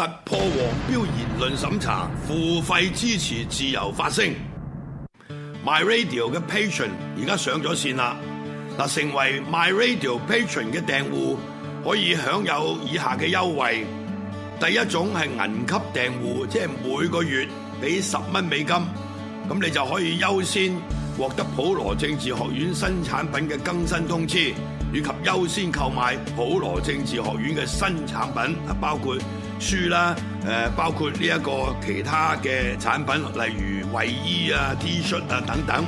突破黃標言論審查，付費支持自由發聲。My Radio 嘅 Patron 而家上咗線啦！嗱，成為 My Radio Patron 嘅訂戶可以享有以下嘅優惠。第一種係銀級訂戶，即係每個月俾十蚊美金，咁你就可以優先獲得普羅政治學院新產品嘅更新通知，以及優先購買普羅政治學院嘅新產品，啊，包括書啦，誒包括呢一個其他嘅產品，例如衞衣啊、T 恤啊等等，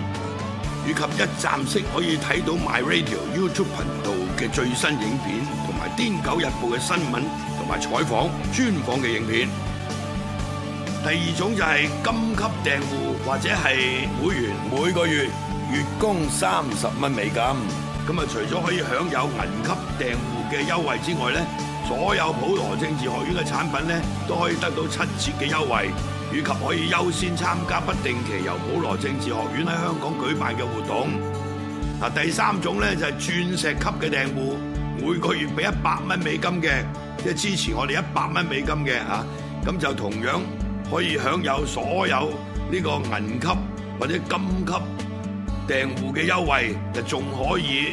以及一站式可以睇到 My Radio YouTube 頻道嘅最新影片，同埋《癲狗日報》嘅新聞同埋採訪專訪嘅影片。第二種就係金級訂戶或者係會員，每個月月供三十蚊美金。咁啊，除咗可以享有銀級訂戶嘅優惠之外咧。所有普羅政治學院嘅產品咧，都可以得到七折嘅優惠，以及可以優先參加不定期由普羅政治學院喺香港舉辦嘅活動。嗱，第三種咧就係鑽石級嘅訂戶，每個月俾一百蚊美金嘅，即係支持我哋一百蚊美金嘅吓，咁就同樣可以享有所有呢個銀級或者金級訂戶嘅優惠，就仲可以。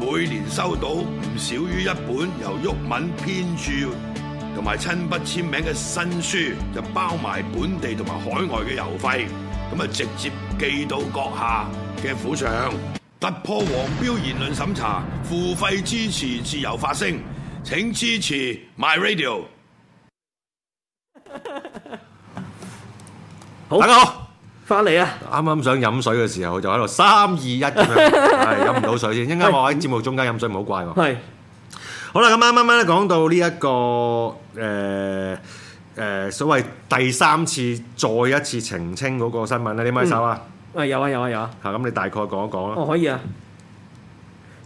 每年收到唔少於一本由毓民編著同埋親筆簽名嘅新書，就包埋本地同埋海外嘅郵費，咁啊直接寄到閣下嘅府上。 突破黃標言論審查，付費支持自由發聲，請支持 My Radio。大家 好。翻嚟啊！啱啱想飲水嘅時候，就喺度三二一咁樣，係飲唔到水先。一陣間我喺節目中間飲水唔好怪我。係是。好啦，咁啱啱咧講到呢、這、一個誒誒、呃呃、所謂第三次再一次澄清嗰個新聞咧，你咪收啊！啊有啊有啊有啊！嚇咁、啊啊、你大概講一講啦。哦，可以啊。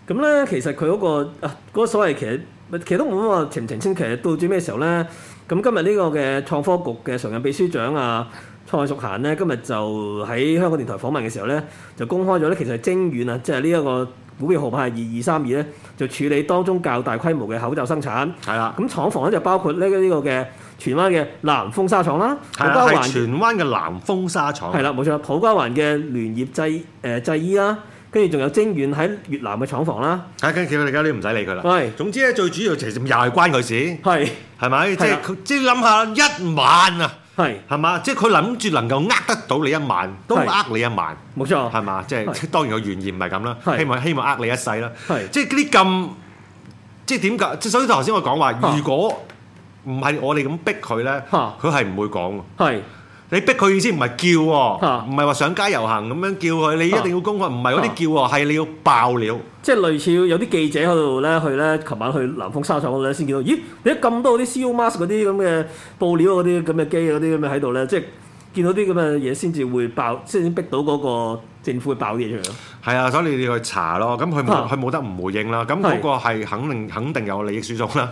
咁咧，其實佢嗰、那個啊嗰、那個、所謂其實其實都冇乜話澄清，其實到最尾嘅時候咧，咁今日呢個嘅創科局嘅常任秘書長啊。蔡淑嫻咧今日就喺香港電台訪問嘅時候咧，就公開咗咧，其實係晶苑啊，即係呢一個股票號碼係二二三二咧，就處理當中較大規模嘅口罩生產。係啦、啊，咁廠房咧就包括呢、這、呢個嘅荃灣嘅南豐紗廠啦，係荃灣嘅南豐紗廠。係啦、啊，冇括、啊、錯，土瓜灣嘅聯業製誒、呃、製衣啦，跟住仲有晶苑喺越南嘅廠房啦。啊，跟住我哋而家呢唔使理佢啦。係是，總之咧最主要其實又係關佢事。係是，係咪？即係即係諗下一晚啊！係，係嘛，即係佢諗住能夠呃得到你一晚，都呃你一晚，冇錯，係嘛，即係是 當然個原意唔係咁啦，希望希望呃你一世啦是，即係啲咁，即係點解？即係所以頭先我講話，如果唔係我哋咁逼佢咧，佢係唔會講。你逼佢意思唔係叫喎、哦，唔係話上街遊行咁樣叫佢，你一定要公開，唔係嗰啲叫喎，係、啊、你要爆料。即係類似有啲記者喺度咧，去咧，琴晚去南豐紗廠嗰度咧，先見到，咦？你咁多啲 C O mask 嗰啲咁嘅布料嗰啲咁嘅機嗰啲咁嘅喺度咧，即係見到啲咁嘅嘢先至會爆，先至逼到嗰、那個。政府會爆啲嘢咯，係啊，所以你哋去查咯。咁佢冇佢冇得唔回應啦。咁嗰個係肯定肯定有利益輸送啦。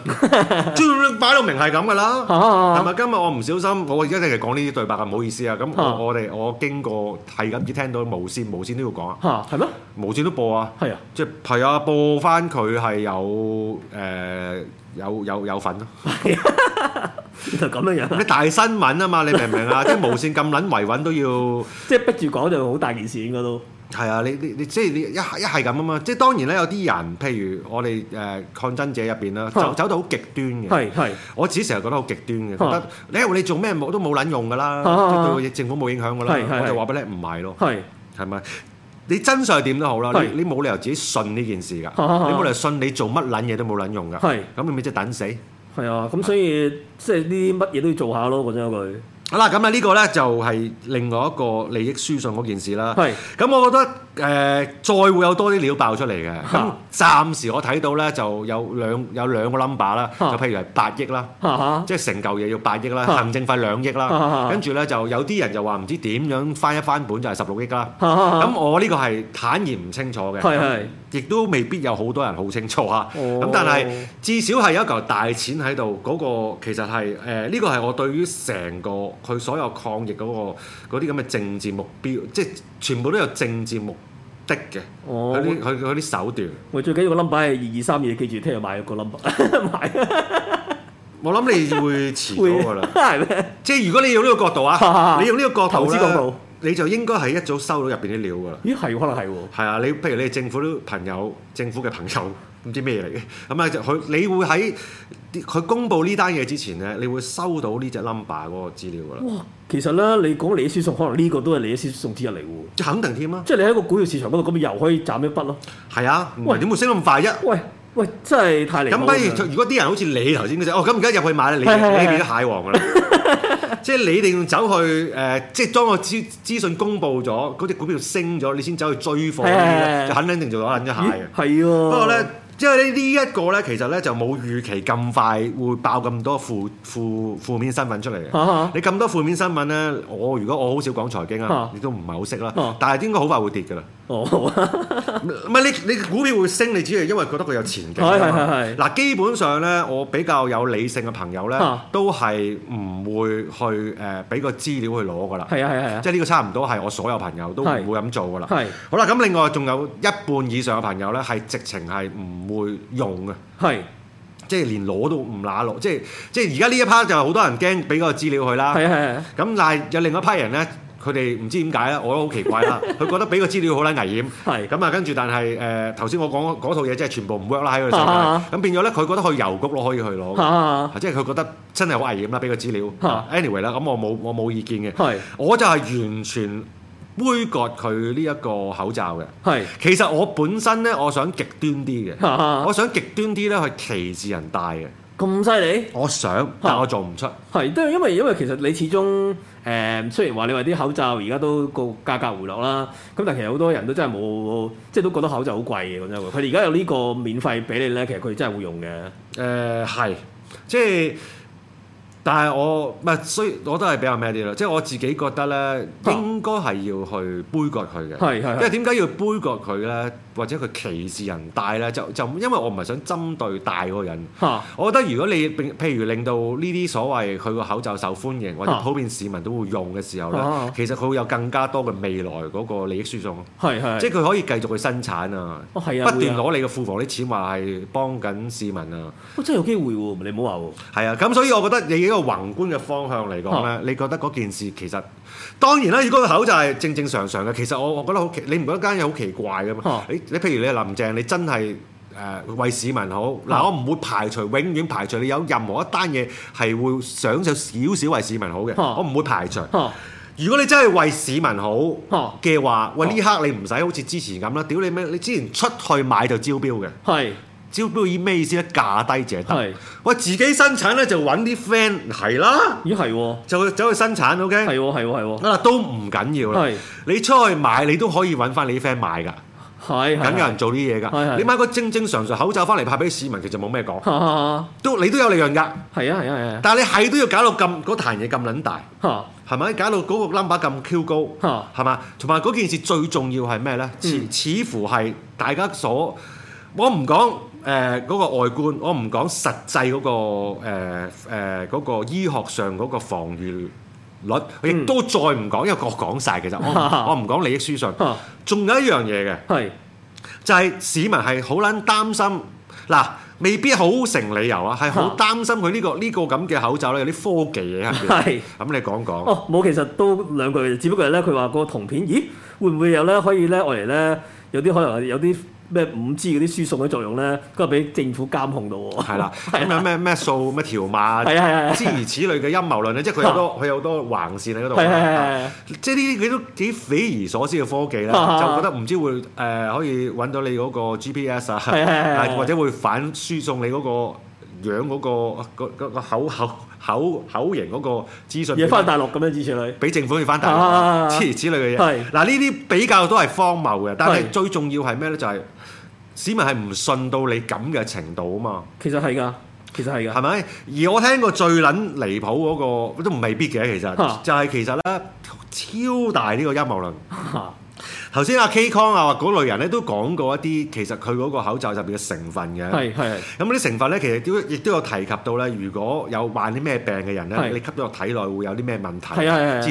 將擺到明係咁噶啦。係咪 今日我唔小心，我而家淨係講呢啲對白啊？唔好意思啊。咁我哋、啊、我經過係咁意聽到無線無線都要講啊。係咩？無線都播啊。係啊，即係係啊，播翻佢係有誒有有有份咯。 就咁嘅樣，你大新聞啊嘛？你明唔明啊？即係無線咁撚維穩都要，即係逼住講就好大件事應該都。係啊，你你你即係你一一係咁啊嘛？即係當然咧，有啲人譬如我哋誒抗爭者入邊啦，就走到好極端嘅。我自己成日覺得好極端嘅，覺得你你做咩都冇撚用噶啦，對政府冇影響噶啦，我就話俾你聽唔買咯。係咪？你真相係點都好啦，你你冇理由自己信呢件事噶，你冇理由信你做乜撚嘢都冇撚用噶。係咁，你咪即係等死。係啊，咁所以的即係呢啲乜嘢都要做下咯，講真嗰句。好啦，咁啊呢個咧就係另外一個利益輸送嗰件事啦。係的，咁我覺得。誒、呃，再會有多啲料爆出嚟嘅。咁、啊嗯、暫時我睇到咧，就有兩有兩個 number 啦，啊、就譬如係八億啦，啊、即係成嚿嘢要八億啦，啊、行政費兩億啦，跟住咧就有啲人就話唔知點樣翻一翻本就係十六億啦。咁、啊啊嗯、我呢個係坦然唔清楚嘅，亦、啊嗯嗯、都未必有好多人好清楚嚇。咁、啊嗯、但係至少係有一嚿大錢喺度，嗰、那個其實係誒呢個係我對於成個佢所有抗疫嗰、那個嗰啲咁嘅政治目標，即、就、係、是、全部都有政治目標。的嘅，佢啲佢啲手段。我最緊要個 number 係二二三二，記住聽日買一個 number， 我諗你會遲到噶啦。即係如果你用呢個角度啊，啊你用呢個角度、啊、投資角度。你就應該係一早收到入邊啲料噶啦。咦？係喎，可能係喎。係啊，你譬如你哋政府都朋友，政府嘅朋友，唔知咩嚟嘅咁啊？就佢，你會喺佢公布呢單嘢之前咧，你會收到呢隻 number 嗰個資料噶啦。哇！其實咧，你講利益輸送，可能呢個都係利益輸送之一嚟嘅，即肯定添啊。即係你喺一個股票市場嗰度，咁又可以賺一筆咯。係啊，唔係點會升得咁快啫？喂喂，真係太離譜啦！咁不如如果啲人好似你頭先嗰隻，哦咁而家入去買你你變咗蟹王啦。即係你哋要走去誒、呃，即係當個資資訊公佈咗，嗰、那、隻、個、股票升咗，你先走去追貨嗰啲咧，的就肯定定做咗一蟹嘅。係喎。不過呢，因為呢一個咧，其實咧就冇預期咁快會爆咁多負負負面新聞出嚟嘅。你咁多負面新聞咧，我如果我好少講財經啊，亦都唔係好識啦。但係應該好快會跌㗎啦。唔係你你股票會升，你只係因為覺得佢有前景。嗱，基本上咧，我比較有理性嘅朋友咧，都係唔會去誒俾個資料去攞㗎啦。係啊，係，即係呢個差唔多係我所有朋友都唔會咁做㗎啦。好啦，咁另外仲有一半以上嘅朋友咧，係直情係唔會用嘅，係是，即係連攞都唔攞落，即係即係而家呢一 part 就係好多人驚俾個資料佢啦，咁是但係有另一批人咧，佢哋唔知點解咧，我都好奇怪啦，佢 覺得俾個資料好撚危險，咁啊是 跟住但係誒頭先我講嗰套嘢，即係全部唔 work 啦喺佢度。咁變咗咧，佢覺得去郵局攞可以去攞，是是即係佢覺得真係好危險啦，俾個資料是是，anyway 啦，咁我冇我冇意見嘅，是是我就係完全。杯葛佢呢一個口罩嘅，係是其實我本身咧，我想極端啲嘅， 我想極端啲咧去歧視人戴嘅，咁犀利？我想，但我做唔出。係都係因為因為其實你始終誒、呃、雖然話你話啲口罩而家都個價格回落啦，咁但係其實好多人都真係冇即係都覺得口罩好貴嘅咁樣。佢哋而家有呢個免費俾你咧，其實佢哋真係會用嘅。誒係、呃，即係。但係我唔係需，我覺得係比較咩啲咯，即係我自己覺得咧，啊、應該係要去杯葛佢嘅。係係係因為點解要杯葛佢咧？或者佢歧視人大咧？就就因為我唔係想針對大個人。啊、我覺得如果你譬，譬如令到呢啲所謂佢個口罩受歡迎，或者普遍市民都會用嘅時候咧，啊啊啊其實佢會有更加多嘅未來嗰個利益輸送。係係即係佢可以繼續去生產啊！哦係啊，不斷攞你嘅庫房啲錢，話係幫緊市民啊！哇，真係有機會喎！你唔好話喎。係啊，咁所以我覺得你。一個宏觀嘅方向嚟講咧，啊、你覺得嗰件事其實當然啦，如果個口罩係正正常常嘅，其實我我覺得好奇，你唔覺得間嘢好奇怪嘅嘛？誒、啊，你譬如你林鄭，你真係誒、呃、為市民好嗱，啊、我唔會排除，永遠排除你有任何一單嘢係會想就少少為市民好嘅，啊、我唔會排除。啊、如果你真係為市民好嘅話，啊、喂，呢刻你唔使好似之前咁啦，屌你咩？你之前出去買就招標嘅。招標以咩意思咧？價低者得。喂，自己生產咧就揾啲 friend 係啦。咦係，就走去生產 OK。係喎係喎係喎。啊都唔緊要啦。係，你出去買你都可以揾翻你啲 friend 買㗎。係梗有人做啲嘢㗎。你買個正正常常口罩翻嚟拍俾市民，其實冇咩講。都你都有利潤㗎。係啊係啊係啊。但係你係都要搞到咁嗰壇嘢咁撚大。嚇。係咪？搞到嗰個 number 咁 Q 高。嚇。係嘛？同埋嗰件事最重要係咩咧？似似乎係大家所我唔講。誒嗰、呃那個外觀，我唔講實際嗰、那個誒誒嗰個醫學上嗰個防禦率，亦、嗯、都再唔講，因為我講晒其實哈哈。我唔講利益輸送。仲哈哈 有一樣嘢嘅，係是 就係市民係好撚擔心。嗱，未必好成理由啊，係好擔心佢呢、這個呢、這個咁嘅口罩咧，有啲科技嘢係。係，咁是、嗯、你講講。哦，冇，其實都兩句，只不過咧，佢話個銅片，咦，會唔會有咧？可以咧，我哋咧，有啲可能有啲。咩五 G 嗰啲輸送嘅作用咧，都係俾政府監控到喎。係啦，咁有咩咩數咩條碼啊，諸如此類嘅陰謀論，即係佢有好多，佢有好多橫線喺嗰度。即係呢啲佢都幾匪夷所思嘅科技啦，就覺得唔知會誒可以揾到你嗰個 GPS 啊，或者會反輸送你嗰個樣嗰個嗰個口口口口型嗰個資訊。要翻大陸咁樣之前，俾政府要翻大陸，諸如此類嘅嘢。嗱，呢啲比較都係荒謬嘅，但係最重要係咩咧？就係市民係唔信到你咁嘅程度啊嘛，其，其實係㗎，其實係㗎，係咪？而我聽過最撚離譜嗰、嗰個都唔未必嘅，其實哈 就係其實咧超大呢個陰謀論。頭先阿 Kong 啊或嗰類人咧都講過一啲其實佢嗰個口罩入邊嘅成分嘅，係係咁啲成分咧其實亦都有提及到咧，如果有患啲咩病嘅人咧，是你吸咗入體內會有啲咩問題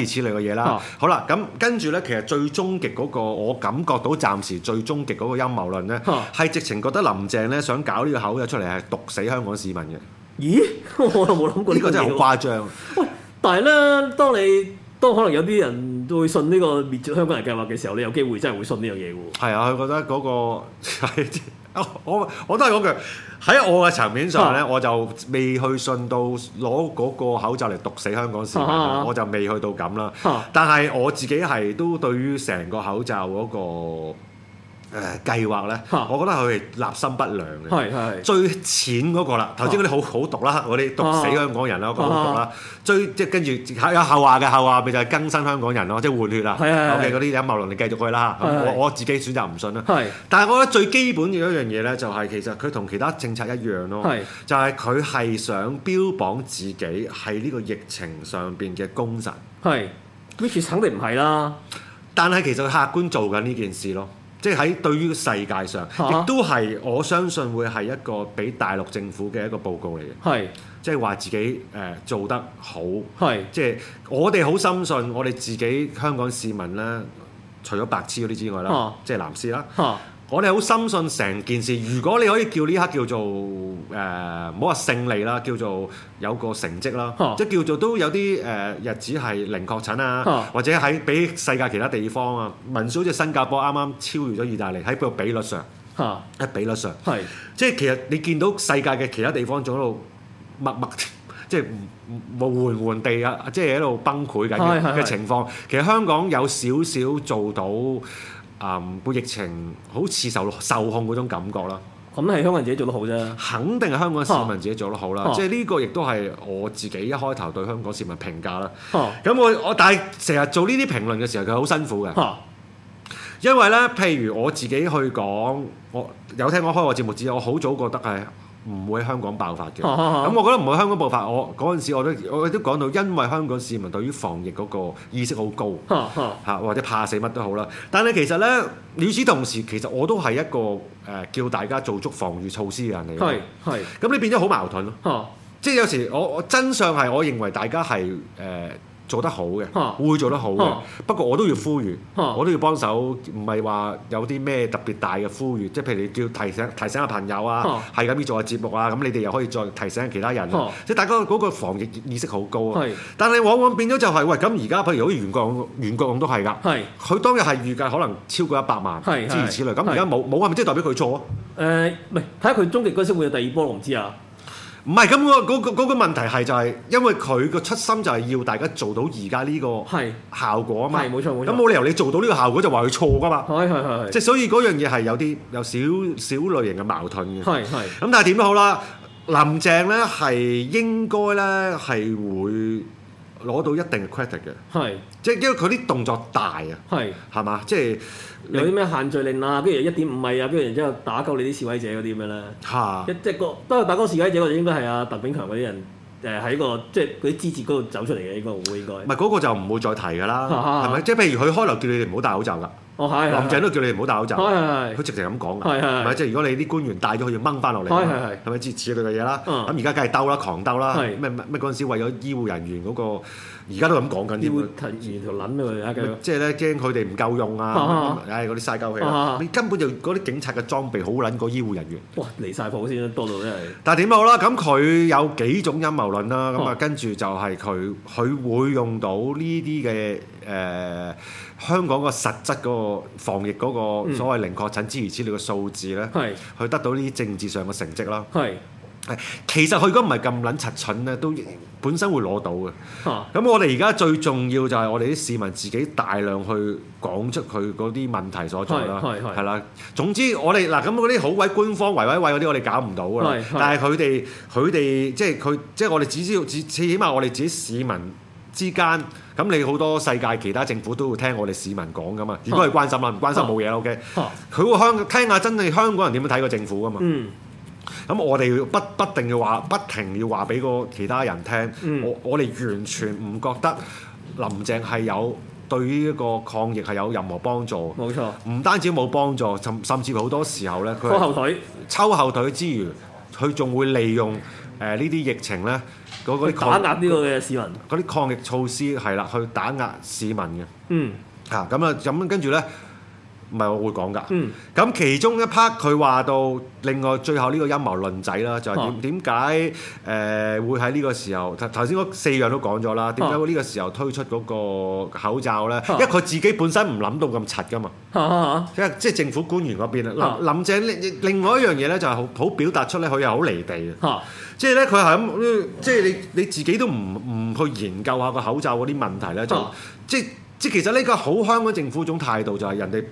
此類嘅嘢啦。啊、好啦，咁跟住咧，其實最終極嗰、嗰個我感覺到暫時最終極嗰個陰謀論咧，係、啊、直情覺得林鄭咧想搞呢個口罩出嚟係毒死香港市民嘅。咦？我又冇諗過呢個，啊、呢個真係好誇張。喂， 但係咧，當你都可能有啲人都會信呢、這個滅絕香港人計劃嘅時候，你有機會真係會信呢樣嘢嘅喎。係啊，佢覺得嗰、那個係 我我都係講句喺我嘅層面上咧，啊、我就未去信到攞嗰個口罩嚟毒死香港市民啊啊啊啊，我就未去到咁啦。但係我自己係都對於成個口罩嗰、那個。誒、呃、計劃咧，啊、我覺得佢係立心不良嘅。是是 最淺嗰個啦，頭先嗰啲好好毒啦，嗰啲毒死香港人啦，好毒啦。最即係跟住有後話嘅後話，咪就係更新香港人咯，即係換血啦。是是是 OK，嗰啲陰謀論你繼續去啦。是是我我自己選擇唔信啦。是是但係我覺得最基本嘅一樣嘢咧，就係、是、其實佢同其他政策一樣咯、喔，是是就係佢係想標榜自己係呢個疫情上面嘅功臣。係 which 肯定唔係啦。但係其實佢客觀做緊呢件事咯。即係對於世界上，亦都係我相信會係一個俾大陸政府嘅一個報告嚟嘅，是即係話自己誒、呃、做得好，是即係我哋好深信我哋自己香港市民、啊、啦，除咗白痴嗰啲之外啦，即係藍絲啦。我哋好深信成件事，如果你可以叫呢刻叫做誒，唔好話勝利啦，叫做有個成績啦，啊、即係叫做都有啲誒、呃、日子係零確診啊，啊或者喺比世界其他地方啊，甚至好似新加坡啱啱超越咗意大利喺個比率上，喺、啊、比率上係，是即係其實你見到世界嘅其他地方仲喺度默默即係緩緩地啊，即係喺度崩潰緊嘅情況，其實香港有少少做到。誒個、嗯、疫情好似受受控嗰種感覺啦，咁係、嗯、香港人自己做得好啫，肯定係香港市民自己做得好啦。啊、即係呢個亦都係我自己一開頭對香港市民評價啦。咁、啊、我我，我但係成日做呢啲評論嘅時候，佢好辛苦嘅。啊、因為咧，譬如我自己去講，我有聽我開個節目之後，我好早覺得係。唔會喺香港爆發嘅，咁、啊啊嗯、我覺得唔會喺香港爆發。我嗰陣時我都我都講到，因為香港市民對於防疫嗰個意識好高，啊啊、或者怕死乜都好啦。但係其實咧，與此同時，其實我都係一個誒、呃、叫大家做足防禦措施嘅人嚟。係咁你變咗好矛盾咯。啊、即係有時我我真相係，我認為大家係誒。呃做得好嘅，會做得好嘅。不過我都要呼籲，我都要幫手。唔係話有啲咩特別大嘅呼籲，即係譬如你叫提醒提醒下朋友啊，係咁要做下節目啊，咁你哋又可以再提醒其他人。即係大家嗰個防疫意識好高啊。但係往往變咗就係喂，咁而家譬如好似袁國勇袁國勇都係㗎，佢當日係預計可能超過一百萬，諸如此類。咁而家冇冇係咪即係代表佢錯啊？誒，唔係睇下佢終極嗰次會有第二波，我唔知啊。唔係咁，個嗰個嗰個問題係就係因為佢個出心就係要大家做到而家呢個效果啊嘛，咁冇理由你做到呢個效果就話佢錯噶嘛，即係、就是、所以嗰樣嘢係有啲有少少類型嘅矛盾嘅。咁但係點都好啦，林鄭咧係應該咧係會。攞到一定嘅 credit 嘅是，係即係因為佢啲動作大啊，係係嘛，即係有啲咩限聚令啊，跟住一點五米啊，跟住然之後打鳩你啲示威者嗰啲咩咧，嚇一是、啊、即係當佢打鳩示威者，嗰陣應該係阿鄧炳強嗰啲人誒喺、呃、個即係佢啲支持嗰度走出嚟嘅應該會應該，唔係嗰個就唔會再提㗎啦，係咪、啊啊？即係譬如佢開頭叫你哋唔好戴口罩㗎。林鄭都叫你唔好戴口罩，佢直情咁講㗎，唔即係如果你啲官員戴咗佢就掹翻落嚟，係咪之類嘅嘢啦？咁而家梗係兜啦，狂兜啦，咩咩咩嗰陣時為咗醫護人員嗰個，而家都咁講緊。醫護人員同即係咧驚佢哋唔夠用啊！唉，嗰啲嘥鳩氣，你根本就嗰啲警察嘅裝備好撚過醫護人員。哇！離晒譜先多到真係。但係點好啦？咁佢有幾種陰謀論啦。咁啊，跟住就係佢，佢會用到呢啲嘅誒。香港個實質嗰個防疫嗰個所謂零確診之餘之類嘅數字咧，去是得到呢啲政治上嘅成績啦。係是，其實佢如果唔係咁撚柒蠢咧，都本身會攞到嘅。咁、啊、我哋而家最重要就係我哋啲市民自己大量去講出佢嗰啲問題所在啦。係係啦。總之我哋嗱咁，嗰啲好鬼官方維維維嗰啲，我哋搞唔到㗎啦。但係佢哋佢哋即係佢即係我哋只需要只起碼我哋自己市民之間。咁你好多世界其他政府都要聽我哋市民講噶嘛？如果佢關心啊唔關心冇嘢啦。O K，佢會香聽下真係香港人點樣睇個政府噶嘛？咁、嗯、我哋不不定要話，不停要話俾個其他人聽。嗯、我我哋完全唔覺得林鄭係有對於一個抗疫係有任何幫助。冇錯，唔單止冇幫助，甚甚至好多時候咧，佢拖後腿，抽後腿之餘，佢仲會利用。誒呢啲疫情咧，嗰嗰啲抗疫打壓呢個嘅市民，嗰啲抗疫措施係啦，去打壓市民嘅。嗯。吓咁啊，咁跟住咧。唔係我會講㗎，咁、嗯、其中一 part 佢話到，另外最後呢個陰謀論仔啦，就係點點解誒會喺呢個時候頭頭先嗰四樣都講咗啦，點解會呢個時候推出嗰個口罩咧？啊、因為佢自己本身唔諗到咁柒㗎嘛，啊啊啊即係政府官員嗰邊、啊、林林鄭另外一樣嘢咧，就係好表達出咧，佢又好離地嘅、啊，即係咧佢係咁，即係你你自己都唔唔去研究下個口罩嗰啲問題咧，就、嗯、即即其實呢個好香港政府一種態度就係人哋。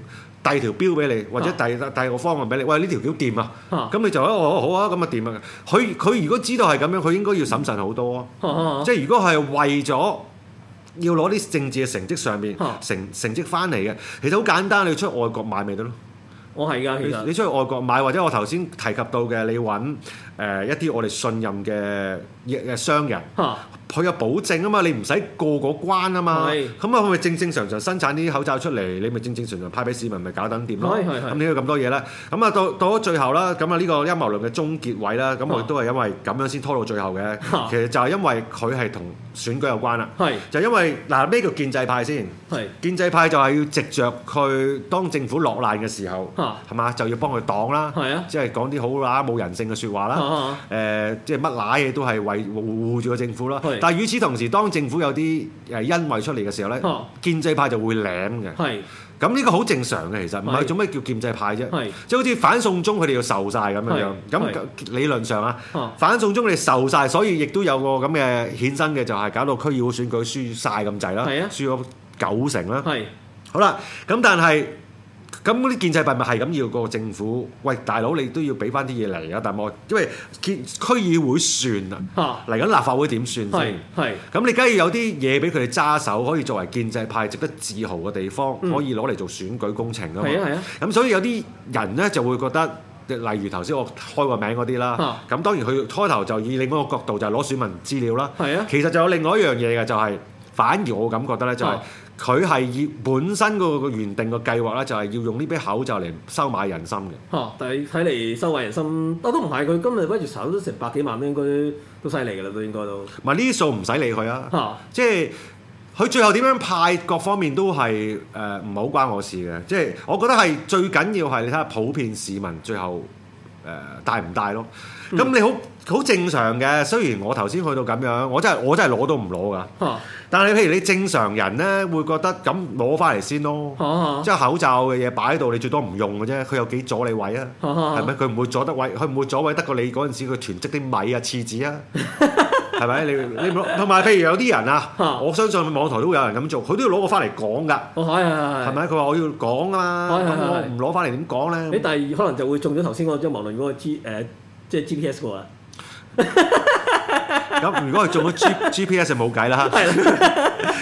帶條表俾你，或者帶帶、啊、個方案俾你。喂，呢條橋掂啊！咁、啊、你就喺我、哦、好啊，咁啊掂啊。佢佢如果知道係咁樣，佢應該要審慎好多啊。嗯嗯嗯嗯、即係如果係為咗要攞啲政治嘅成績上面，嗯嗯、成成績翻嚟嘅，其實好簡單，你出去外國買咪得咯。我係噶，其實你出去外國買，或者我頭先提及到嘅，你揾。誒、呃、一啲我哋信任嘅商人，佢有哈保證啊嘛，你唔使過嗰關啊嘛，咁啊是，佢咪正正常常生產啲口罩出嚟，你咪正正常常派俾市民，咪搞得掂咯。咁點解咁多嘢呢？咁啊到到咗最後啦，咁啊呢個陰謀論嘅終結位啦，咁我哋都係因為咁樣先拖到最後嘅。啊、其實就係因為佢係同選舉有關啦，啊、就因為嗱咩叫建制派先？是建制派就係要藉着佢當政府落難嘅時候，係嘛、啊、就要幫佢擋啦，即係、啊、講啲好啊冇人性嘅説話啦。啊啊！即係乜乸嘢都係維護住個政府啦。但係與此同時，當政府有啲誒恩惠出嚟嘅時候咧，建制派就會舐嘅。係。咁呢個好正常嘅其實，唔係做咩叫建制派啫。即係好似反送中，佢哋要受晒咁樣。係。咁理論上啊，反送中你受晒，所以亦都有個咁嘅衍生嘅，就係搞到區議會選舉輸晒咁滯啦。係。輸咗九成啦。係。好啦，咁但係，咁嗰啲建制派咪係咁要個政府，喂，大佬你都要俾翻啲嘢嚟啊！但我因為建區議會算啊，嚟緊立法會點算先？係咁你梗係要有啲嘢俾佢哋揸手，可以作為建制派值得自豪嘅地方，可以攞嚟做選舉工程咯。係啊係啊！咁所以有啲人咧就會覺得，例如頭先我開個名嗰啲啦，咁、啊、當然佢開頭就以另外個角度就攞選民資料啦。係啊，其實就有另外一樣嘢嘅，就係、係、反而我感覺得咧就係、係。啊啊佢係以本身個原定個計劃咧，就係要用呢批口罩嚟收買人心嘅、啊。但係睇嚟收買人心，我、啊、都唔係佢今日屈住手都成百幾萬咧，應該都犀利嘅啦，都應該都。唔係呢啲數唔使理佢啊！即係佢最後點樣派，各方面都係誒唔好關我的事嘅。即係我覺得係最緊要係你睇下普遍市民最後誒戴唔戴咯。咁、嗯、你好。好正常嘅，雖然我頭先去到咁樣，我真係我真係攞都唔攞噶。但係譬如你正常人咧，會覺得咁攞翻嚟先咯。即係口罩嘅嘢擺喺度，你最多唔用嘅啫。佢有幾阻你位啊？嚇係咪佢唔會阻得位？佢唔會阻位得過你嗰陣時佢囤積啲米啊、廁紙啊，係咪？你你同埋譬如有啲人啊，我相信網台都會有人咁做，佢都要攞個翻嚟講㗎。係咪？佢話我要講啊嘛。係唔攞翻嚟點講咧？你第二可能就會中咗頭先嗰張網論嗰個 G 誒，即係 GPS 㗎喎。咁如果佢做咗 G G P S 就冇計啦，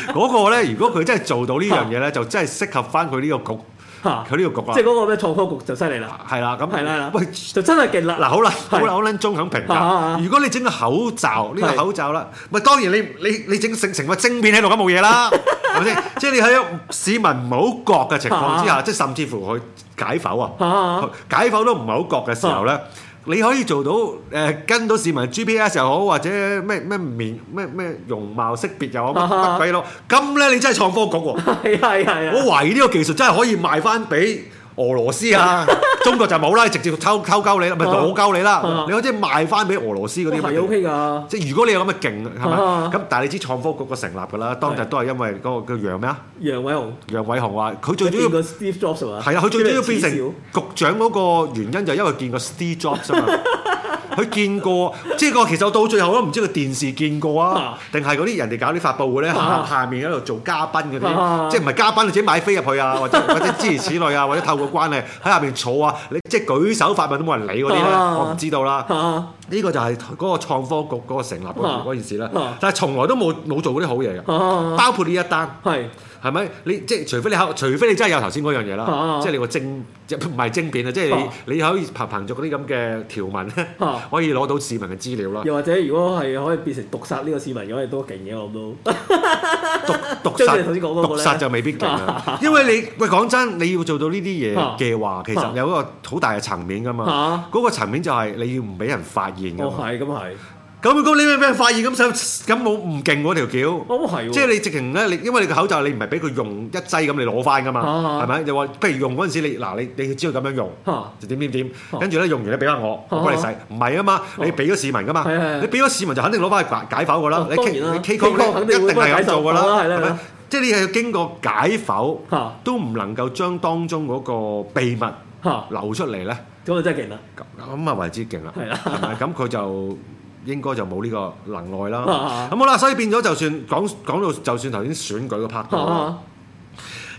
嗰個咧，如果佢真係做到呢樣嘢咧，就真係適合翻佢呢個局，佢呢個局啊，即係嗰個咩創科局就犀利啦，係啦，咁係啦，喂，就真係勁啦。嗱，好啦，好啦，好捻中肯評價。如果你整個口罩呢個口罩啦，咪當然你你你整成成個晶片喺度咁冇嘢啦，係咪先？即係你喺市民唔好覺嘅情況之下，即係甚至乎佢解剖啊？解剖都唔係好覺嘅時候咧。你可以做到誒、呃、跟到市民 GPS 又好，或者咩咩面咩咩容貌識別又好乜 鬼咯？咁咧你真係創科局喎、哦！ 我懷疑呢個技術真係可以賣翻俾俄羅斯啊， 中國就冇啦，直接偷偷鳩你，唔係攞鳩你啦。 你可以賣翻俾俄羅斯嗰啲。OK 噶。即係如果你有咁嘅勁，係咪？咁 但係你知創科局嘅成立㗎啦，當日都係因為嗰個叫楊咩啊？ 楊偉雄。楊偉雄話、啊：佢最鍾意個 Steve Jobs 啊。係啊，佢最主要變成局長嗰個原因就係因為見過 Steve Jobs 啊嘛。佢見過，即係個其實到最後我都唔知佢電視見過啊，定係嗰啲人哋搞啲發佈會咧，下下面喺度做嘉賓嗰啲，即係唔係嘉賓自己買飛入去啊，或者諸如此類啊，或者透過關係喺下邊坐啊，你即係舉手發問都冇人理嗰啲咧，我唔知道啦。呢個就係嗰個創科局嗰個成立嗰件事啦，但係從來都冇冇做過啲好嘢嘅，包括呢一單係。係咪？你即係除非你考，除非你真係有頭先嗰樣嘢啦，即係你個證，唔係證件啊！即係你、啊、即你，你可以憑憑着嗰啲咁嘅條文咧，啊、可以攞到市民嘅資料啦。又或者如果係可以變成毒殺呢個市民，咁係多勁嘅，我諗都。毒殺 毒殺就未必勁啦，啊啊、因為你喂講真，你要做到呢啲嘢嘅話，其實有嗰個好大嘅層面㗎嘛。嗰、啊啊、個層面就係你要唔俾人發現㗎嘛。係咁啊係。啊啊咁咁你咩咩發現咁使咁冇唔勁喎條橋？即係你直情咧，你因為你個口罩你唔係俾佢用一劑咁你攞翻噶嘛，係咪？又話不如用嗰陣時你嗱你你要知道咁樣用，就點點點，跟住咧用完咧俾翻我，我幫你洗。唔係啊嘛，你俾咗市民噶嘛，你俾咗市民就肯定攞翻去解剖噶啦。當然啦，你傾一定會做噶啦，係咪？即係你係要經過解剖，都唔能夠將當中嗰個秘密流出嚟咧。咁就真係勁啦！咁啊為之勁啦，係啦，咁佢就。應該就冇呢個能耐啦。咁、啊、好啦，所以變咗就算講講到，就算頭先選舉個 part，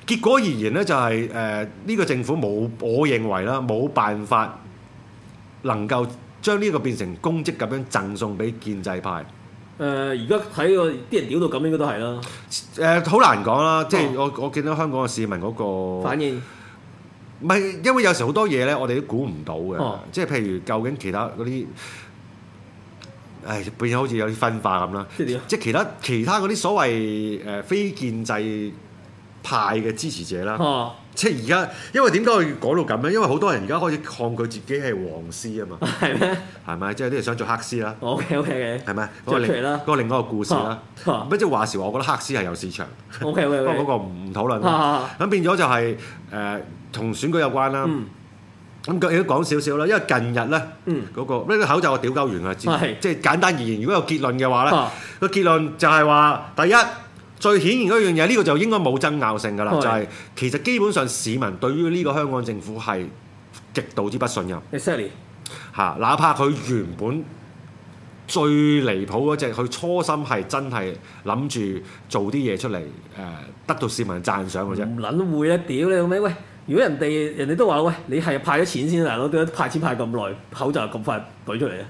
結果而言呢，就係誒呢個政府冇，我認為啦，冇辦法能夠將呢個變成公職咁樣贈送俾建制派。誒、呃，而家睇個啲人屌到咁，應該都係啦。誒、呃，好難講啦，即係、啊、我我見到香港嘅市民嗰、那個反應，唔係因為有時好多嘢呢，我哋都估唔到嘅，即係譬如究竟其他嗰啲。誒變咗好似有啲分化咁啦，即係其他其他嗰啲所謂誒非建制派嘅支持者啦，即係而家，因為點解我講到咁咧？因為好多人而家開始抗拒自己係黃絲啊嘛，係咪即係啲人想做黑絲啦？OK OK OK，係咪？嗰個另一個故事啦，乜即係話時話我覺得黑絲係有市場，不過嗰個唔討論。咁變咗就係誒同選舉有關啦。咁今日都講少少啦，因為近日咧、那個，嗰個咩口罩我屌鳩完啦，是即係簡單而言，如果有結論嘅話咧，個、啊、結論就係話，第一最顯然嗰樣嘢，呢、這個就應該冇爭拗性噶啦，是就係、是、其實基本上市民對於呢個香港政府係極度之不信任。s a Exactly . l 哪怕佢原本。最離譜嗰隻，佢初心係真係諗住做啲嘢出嚟，誒得到市民讚賞嘅啫。唔撚會啊！屌你老味！喂，如果人哋人哋都話喂，你係派咗錢先啊，點解派錢派咁耐，口罩咁快舉出嚟咧？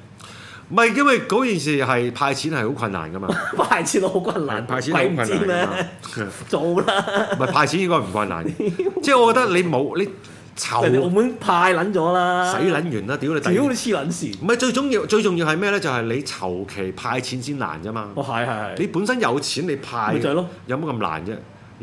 唔係，因為嗰件事係派錢係好困難㗎嘛。派錢好困難，派錢難唔難咩？做啦。唔係派錢應該唔困難，即係我覺得你冇你。籌你澳門派撚咗啦，使撚完啦，屌你！屌你黐撚線！唔係最重要，最重要係咩咧？就係、係、你籌期派錢先難啫嘛。哦係係係。係係係你本身有錢你派，咪就係咯。有乜咁難啫？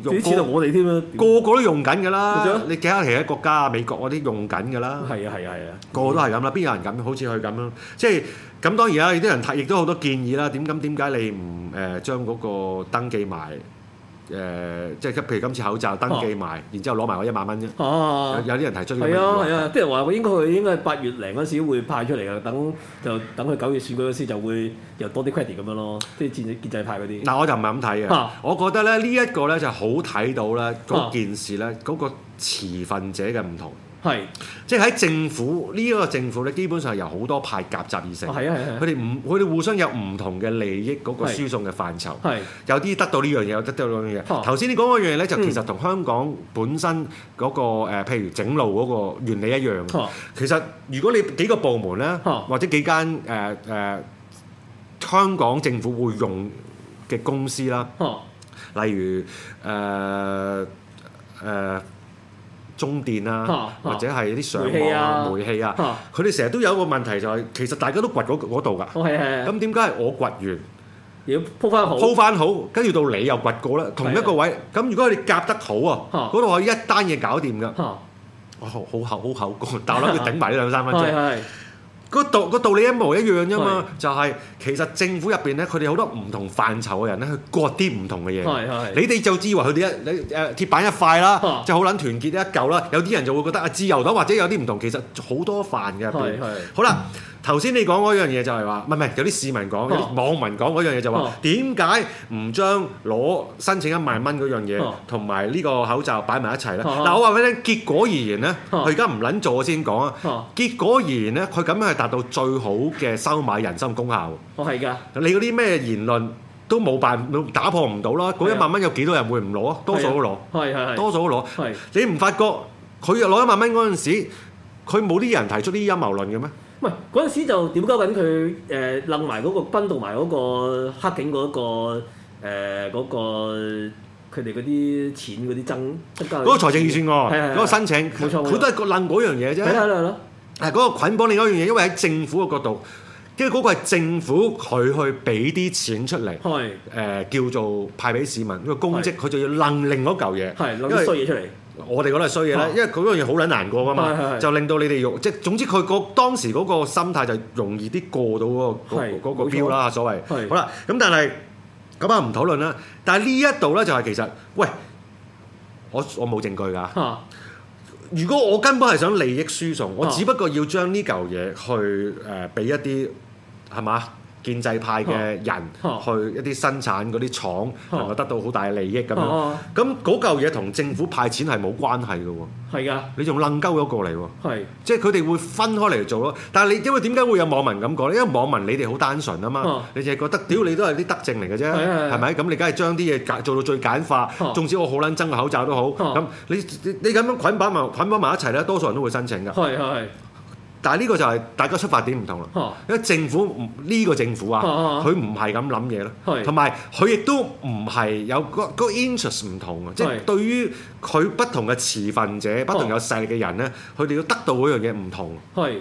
用錢度我哋添啊？個,個個都用緊㗎啦。不不你睇下其他國家啊，美國嗰啲用緊㗎啦。係啊係啊個個都係咁啦，邊有人咁？好似佢咁咯。即係咁當然啦，有啲人亦都好多建議啦。點咁點解你唔誒將嗰個登記埋？誒、呃，即係譬如今次口罩登記埋，啊、然之後攞埋我一萬蚊啫、啊。有啲人提出係啊係啊，啲人話佢、啊啊嗯、應該佢應該八月零嗰時會派出嚟嘅，等就等佢九月選舉嗰時就會又多啲 credit 咁樣咯，啲建制建制派嗰啲。但我就唔係咁睇嘅。啊、我覺得咧呢一個咧就好睇到咧嗰件事咧嗰、嗰個持份者嘅唔同。係，是即係喺政府呢一、這個政府咧，基本上係由好多派夾雜而成。係啊係啊、佢哋唔佢哋互相有唔同嘅利益嗰個輸送嘅範疇。係，有啲得到呢樣嘢，有得到嗰、啊、樣嘢。頭先你講嗰樣嘢咧，就其實同香港本身嗰、嗰個、呃、譬如整路嗰個原理一樣。啊、其實如果你幾個部門咧，啊、或者幾間誒誒、呃呃、香港政府會用嘅公司啦、啊啊，例如誒誒。呃呃呃中電啊，啊或者係啲上網啊、煤氣啊，佢哋成日都有個問題就係、是，其實大家都掘嗰嗰度㗎。咁點解係我掘完，要鋪翻好，鋪翻好，跟住到你又掘過咧，同一個位。咁是是 如果你夾得好啊，嗰度可以一單嘢搞掂㗎。好、啊哦、厚，好口乾，但係我諗佢頂埋呢兩三分鐘。是是是是個道個道理一模一樣啫嘛，就係其實政府入邊咧，佢哋好多唔同範疇嘅人咧，去割啲唔同嘅嘢是是。你哋就以為佢哋一你誒鐵板一塊啦，哈 就好撚團結一嚿啦。有啲人就會覺得啊，自由黨或者有啲唔同，其實多是是好多範嘅入邊。好啦。頭先你講嗰樣嘢就係話，唔係唔係，有啲市民講，有啲網民講嗰樣嘢就話，點解唔將攞申請一萬蚊嗰樣嘢同埋呢個口罩擺埋一齊咧？嗱，我話俾你聽，結果而言咧，佢而家唔撚做我先講啊。結果而言咧，佢咁樣係達到最好嘅收買人心功效。哦，係㗎。你嗰啲咩言論都冇辦法打破唔到啦。嗰一萬蚊有幾多人會唔攞啊？多數都攞，係係係，多數都攞。係你唔發覺佢攞一萬蚊嗰陣時，佢冇啲人提出啲陰謀論嘅咩？唔係嗰時就屌鳩緊佢，誒楞埋嗰個軍同埋嗰個黑警嗰個，誒佢哋嗰啲錢嗰啲爭，嗰個財政預算喎，嗰個申請，冇錯，佢都係楞嗰樣嘢啫。係咯係咯，係嗰個捆綁另外一樣嘢，因為喺政府嘅角度，跟住嗰個係政府佢去俾啲錢出嚟，誒叫做派俾市民，因為公職佢就要楞另外一嚿嘢，楞啲衰嘢出嚟。我哋覺得係衰嘢啦，因為嗰樣嘢好撚難過噶嘛，是是是就令到你哋用即係總之佢嗰當時嗰個心態就容易啲過到嗰、嗰個嗰是標啦，所謂是是。好啦，咁但係咁啊唔討論啦。但係呢一度咧就係其實，喂，我我冇證據㗎。是是如果我根本係想利益輸送，我只不過要將呢嚿嘢去誒俾、呃、一啲係嘛？建制派嘅人去一啲生產嗰啲廠，能夠得到好大嘅利益咁樣。咁嗰嚿嘢同政府派錢係冇關係嘅喎。係㗎，你仲愣鳩咗過嚟喎。係，即係佢哋會分開嚟做咯。但係你因為點解會有網民咁講咧？因為網民你哋好單純啊嘛，你淨係覺得屌你都係啲德政嚟嘅啫，係咪？咁你梗係將啲嘢做到最簡化，縱使我好撚憎口罩都好，咁你你咁樣捆綁埋捆綁埋一齊咧，多數人都會申請㗎。係係係。但係呢個就係大家出發點唔同啦，因為政府唔呢個政府啊，佢唔係咁諗嘢咯，同埋佢亦都唔係有嗰嗰 interest 唔同啊，即係對於佢不同嘅持份者、不同有勢力嘅人咧，佢哋要得到嗰樣嘢唔同，係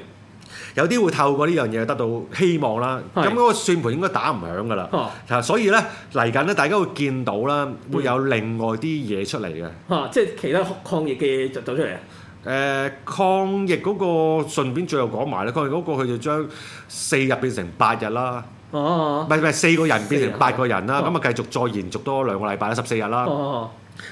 有啲會透過呢樣嘢得到希望啦。咁嗰個算盤應該打唔響㗎啦，啊，所以咧嚟緊咧，大家會見到啦，會有另外啲嘢出嚟嘅，啊，即係其他抗疫嘅嘢就走出嚟啊。誒、呃、抗疫嗰、嗰個順便最後講埋咧，抗疫嗰個佢就將四日變成八日啦、哦。哦，唔係唔係四個人變成八個人啦。咁啊、哦、繼續再延續多兩個禮拜啦，十四日啦、哦。哦，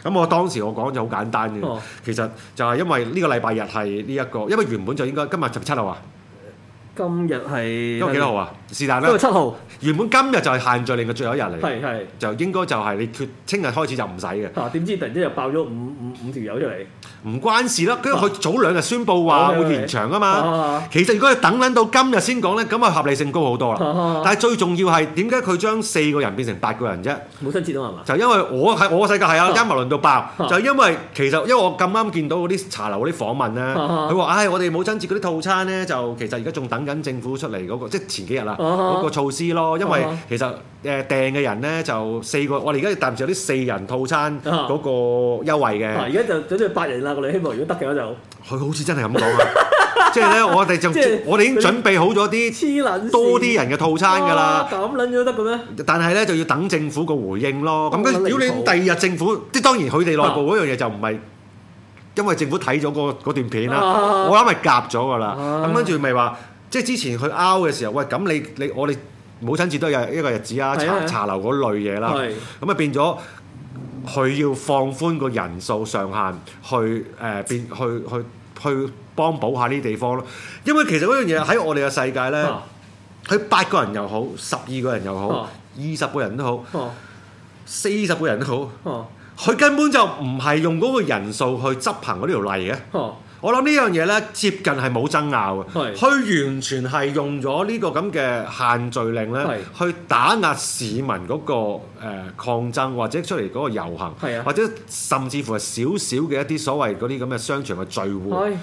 咁我當時我講就好簡單嘅，哦、其實就係因為呢個禮拜日係呢一個，因為原本就應該今日十七號啊。今日係今日幾多號啊？是但啦，今日七號。原本今日就係限聚令嘅最後一日嚟，就應該就係你脱，聽日開始就唔使嘅。啊！點知突然之間就爆咗五五五條友出嚟？唔關事啦，佢早兩日宣佈話會延長啊嘛。其實如果係等撚到今日先講咧，咁啊合理性高好多啦。但係最重要係點解佢將四個人變成八個人啫？母親節啊嘛，就因為我喺我世界係啊陰謀論到爆，就因為其實因為我咁啱見到嗰啲茶樓嗰啲訪問咧，佢話：唉，我哋母親節嗰啲套餐咧，就其實而家仲等緊。跟政府出嚟嗰個，即係前幾日啦，嗰個措施咯。因為其實誒訂嘅人咧就四個，我哋而家暫時有啲四人套餐嗰個優惠嘅。而家就準備八人啦，我哋希望如果得嘅話就佢好似真係咁講啊！即係咧，我哋就我哋已經準備好咗啲多啲人嘅套餐㗎啦。咁諗咗得嘅咩？但係咧就要等政府個回應咯。咁跟住，如果你第二日政府，即係當然佢哋內部嗰樣嘢就唔係因為政府睇咗嗰嗰段片啦。我諗係夾咗㗎啦。咁跟住咪話。即係之前佢拗嘅時候，喂咁你你我哋母親節都有一個日子啊，茶茶樓嗰類嘢啦，咁啊是的 變咗佢要放寬個人數上限，去誒、呃、變去去去幫補下呢啲地方咯。因為其實嗰樣嘢喺我哋嘅世界咧，佢八、啊、個人又好，十二個人又好，二十、啊、個人都好，四十、啊、個人都好，佢、啊、根本就唔係用嗰個人數去執行嗰條例嘅。啊啊我諗呢樣嘢咧，接近係冇爭拗嘅，佢是的 完全係用咗呢個咁嘅限聚令咧，是的 去打壓市民嗰、嗰個、呃、抗爭或者出嚟嗰個遊行，是的 或者甚至乎係少少嘅一啲所謂嗰啲咁嘅商場嘅聚會。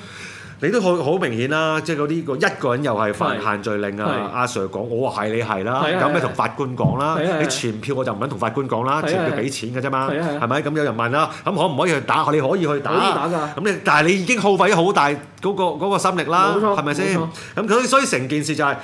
你都好好明顯啦，即係嗰啲一個人又係犯限聚令是的 啊！阿 Sir 講我話係你係啦，咁你同法官講啦，是的 你傳票我就唔肯同法官講啦，是的 傳票俾錢嘅啫嘛，係咪？咁有人問啦，咁可唔可以去打？你可以去打，咁你但係你已經耗費咗好大嗰個嗰個心力啦，係咪先？咁佢吧沒錯 所以成件事就係、是。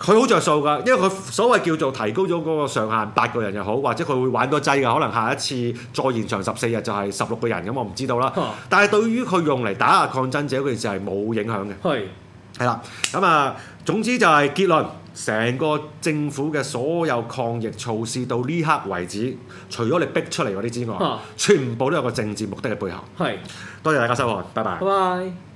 佢好着數㗎，因為佢所謂叫做提高咗嗰個上限八個人又好，或者佢會玩多劑㗎，可能下一次再延長十四日就係十六個人，咁我唔知道啦。啊、但係對於佢用嚟打壓抗爭者嗰件事係冇影響嘅。係係啦，咁啊，總之就係結論，成個政府嘅所有抗疫措施到呢刻為止，除咗你逼出嚟嗰啲之外，啊、全部都有個政治目的嘅背後。係，多謝大家收看，拜拜。拜拜。